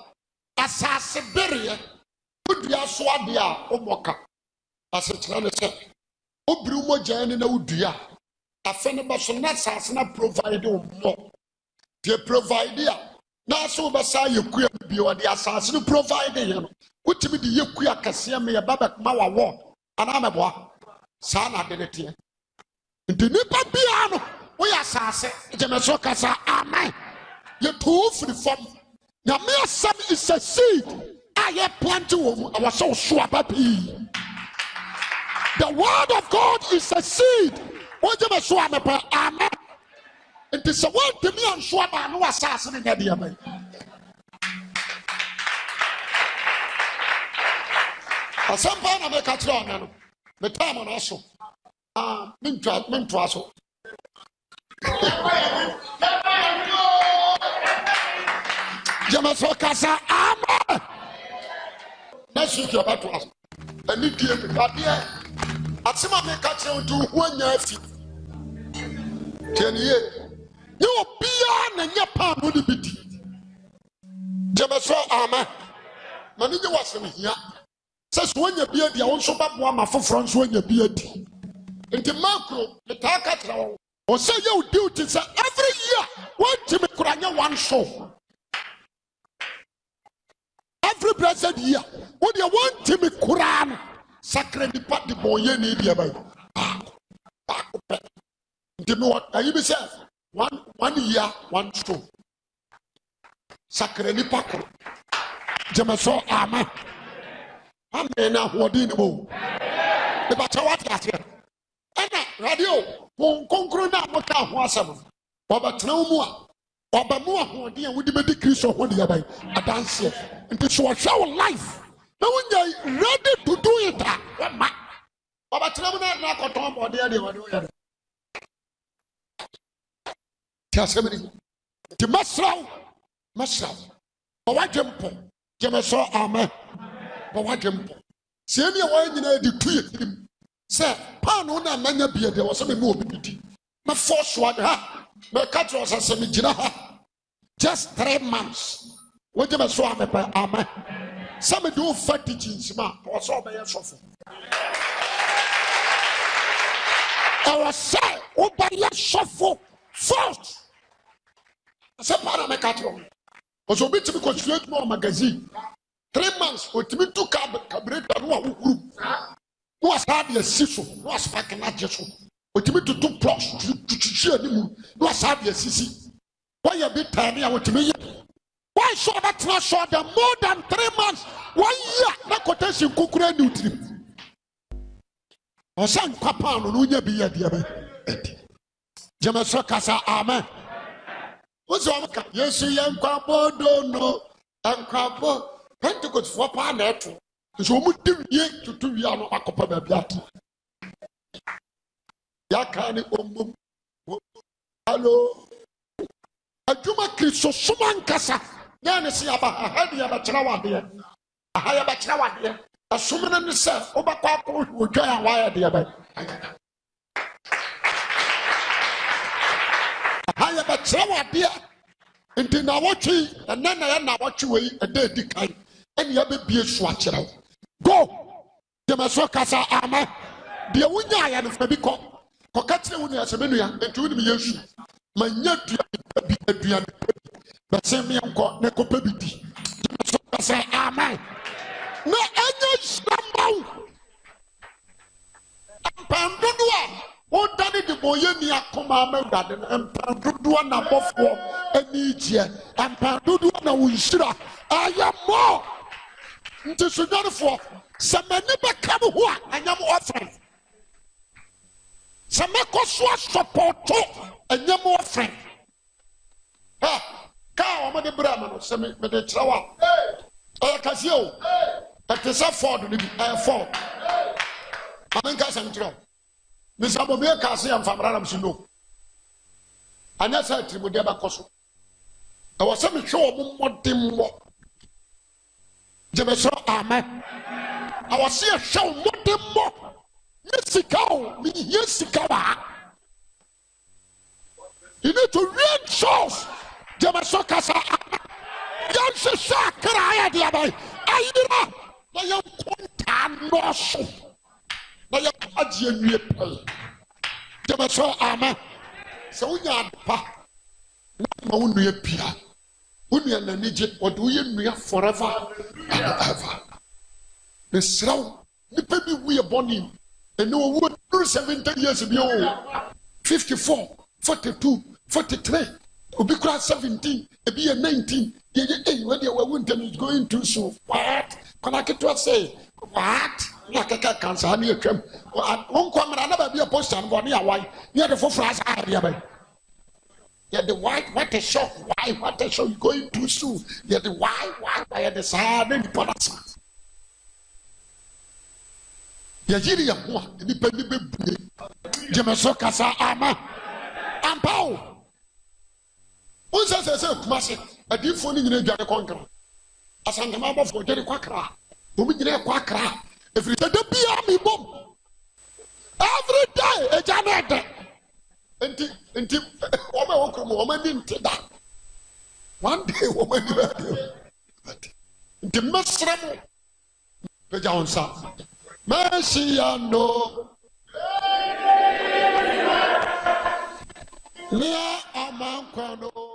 asase bereɛ wodua so adeɛ a wobɔ ka asekyerɛ ne sɛ wobiri mogyaa ne na wodua afe ne bɛso na asase na provide wo mmɔ deɛ provide a n'asɛ wobɛsa yɛ kua bio ɔde asase no provide yɛ no wotumi de yɛ kua kɛseɛ ma yɛba bɛkoma wɔ wɔd anaa mɛboa saa na ade ne teɛ nti nnipa bi woyɛ asase gyemɛso kasa amen You yɛtoo firi fam nyame asɛm is a seed I have plenty of ɛwɔ sɛ woso aba pii the word of god is a seed wogyemɛso a mepɛ amen nti sɛ woantumi anso aba ne wasase ne nyɛ deɛ bɛyi I am meka kyerɛ ɔna no metaa mo no so ah, mentwa so jẹmẹsọ kasa ama next week yaba to ask ẹni die mi adeɛ asema mi ka kyerɛ nti ohu anya afi tiɛni ye nye obiara na nye paanu ni bi di jẹmẹsọ ama mɛ ni nye wasɛm hia sɛ so wanya bi adi a wɔn nso bɛ boa ma foforɔ nso wanya bi adi nti mmaa kuro ne taa ka kyerɛ ɔsɛ yɛ wo duty sɛ every year wɔntumi kora nyɛ one show every blessed year wodeɛ wɔntumi koraa no sakra nipa de bɔnyɛni deɛ bɛyɛ baako baako pɛ nti mewɔ ayi bi sɛ one one year one show sakra nipa koro gyeme so ama Amen. ahoɔden ne mu nipa kyɛ aseɛ radio wɔn nkonkoro na wɔka ho asɛm wɔbɛtena mu a ɔbɛmu ahoɔden a wɔde bɛdi kristo ho deɛ bɛyɛ adanseɛ nti so wɔhwɛ life na wonya ready to do it a wɔma ɔbɛtena mu na na akɔtɔn bɔdeɛ deɛ wɔde wɔyɛ no ti asɛm ni nti mɛsraw mɛsraw wɔwadwe mpɔ gyemɛ sɛ amɛ wɔwadwe mpɔ sie ne a wɔyɛ nyinaa de tu yɛ sɛ paano na manya bie deɛ wɔsɛ meme obi bidi mɛfɔ soa ha mɛka kyerɛ sɛ sɛ megyina ha just three months wogye me so a mepɛ ama sɛ mede wofa tikyinsim a ɛwɔ sɛ ɔbɛyɛ sɔfo ɛwɔ sɛ wobɛyɛ sɔfo first sɛ paa na mɛka kyerɛ wo ɔsɛ obi tumi kɔsua adwuma wɔ magazine three months ɔtumi tu kabreta no a wokurum na have de asi so na wasaa kana gye so otumi tutu do tututu anim na wasaa de asisi wɔyɛ bi have a wotumi yɛ wɔn sɔɔ bɛ tena sɔɔ dɛ more than three months wɔyɛ na quotation kukura ni tirim ɔsɛ nkwa paano na onye bi yɛ deɛ bɛ ɛdi jɛmɛsɛ kasa amen wosi wɔn ka yesu yɛ nkwa do no nkwa bɔ pentikosifoɔ paa nso wɔn di wie tutu wie ano akɔpɛ baabi ate yaka ne omom alo adwuma kristo soma nkasa na ne se aba aha ne yɛbɛkyerɛ wadeɛ aha yɛbɛkyerɛ wadeɛ ɛsom no ne sɛ wobɛkɔ akɔ odwa a wayɛ deɛ bɛ aha yɛbɛkyerɛ wadeɛ nti nawɔtwe ɛnɛ na yɛ nawɔtwe wei ɛda adi kan ɛne yɛbɛbie so akyerɛ go gyamaso kasa ama deɛ wonya ayɛ no fa bi kɔ kɔka kyerɛ wo nua sɛ me nua nti wonim yesu manya duane bi aduane bi bɛsɛ meɛ nkɔ na kɔpɛ bi di gyamaso kasa ama na ɛnyɛ hyira mma wo mpɛn dodoɔ a ni akoma ama awurade no mpɛn na bɔfoɔ ani gyeɛ mpɛn dodoɔ na wo nhyira ayɛ mmɔɔ nti sodwanfoɔ sɛ m'ani bɛka me ho a ɛnyɛ mo ɔfrɛn sɛ mɛkɔ so asɔpɔɔto ɛnyɛ mo ɔfrɛn ɛ kaa wɔn de brɛ me no sɛ me de kyerɛ wa ɛyɛ kɛseɛ o ɛte sɛ fɔɔd no bi ɛyɛ fɔɔd maame nka sɛ nkyerɛ nisabɔ mi eka ase yɛ nfamara nam si no anyɛ sɛ atirimudeɛ bɛkɔ so ɛwɔ sɛ mehwɛ wɔn mmɔden mmɔ. gyeme amen I was wo mmɔde mmɔ ne sika wo mehia you need to read kasa. gyeme soro kasa amen yɛnhwehwɛ akra ayɛ deɛ bɛn ayera na yɛnkɔ ntaa nnɔɔso na yɛkɔ agye awie pɛi gyeme soro amen sɛ wonya adepa na ma wo nnua pia wonua n'ani gye wɔde woyɛ nnua forever and ever mesrɛ wo nnipa bi wu yɛ bɔne ɛne ɔwuo duru 70 years bi o 54 42 43 obi koraa 17 ebi yɛ 19 yɛyɛ ei wɔdeɛ wawu ntam is going to so what get to sɛ what na kɛkɛ kansaa ne yɛtwam wɔnkɔ mmara na baabi yɛ posta no bɔ ne yɛwae ne yɛde foforɔ asaa adeɛ bɛyɛ you the why, what a shock! why, what a shock! you're going too soon. You're the why, why, why, you're the sad, and the panasa. yɛyere yɛ ho a nnipa bi bɛbue gyeme so kasa ama ampa wo wonsɛ sɛ sɛ akuma se adiifoɔ no nyina adware kɔnkra asantama abɔfoɔ dware kwakra wɔm nyina ɛkɔ akra ɛfiri sɛ da biaa mebom every day agya no ɛdɛ nti nti wɔn a mu da one day wɔn ani bɛ de nti mmɛsirɛ mu pɛgya wɔn mẹ ya no. no.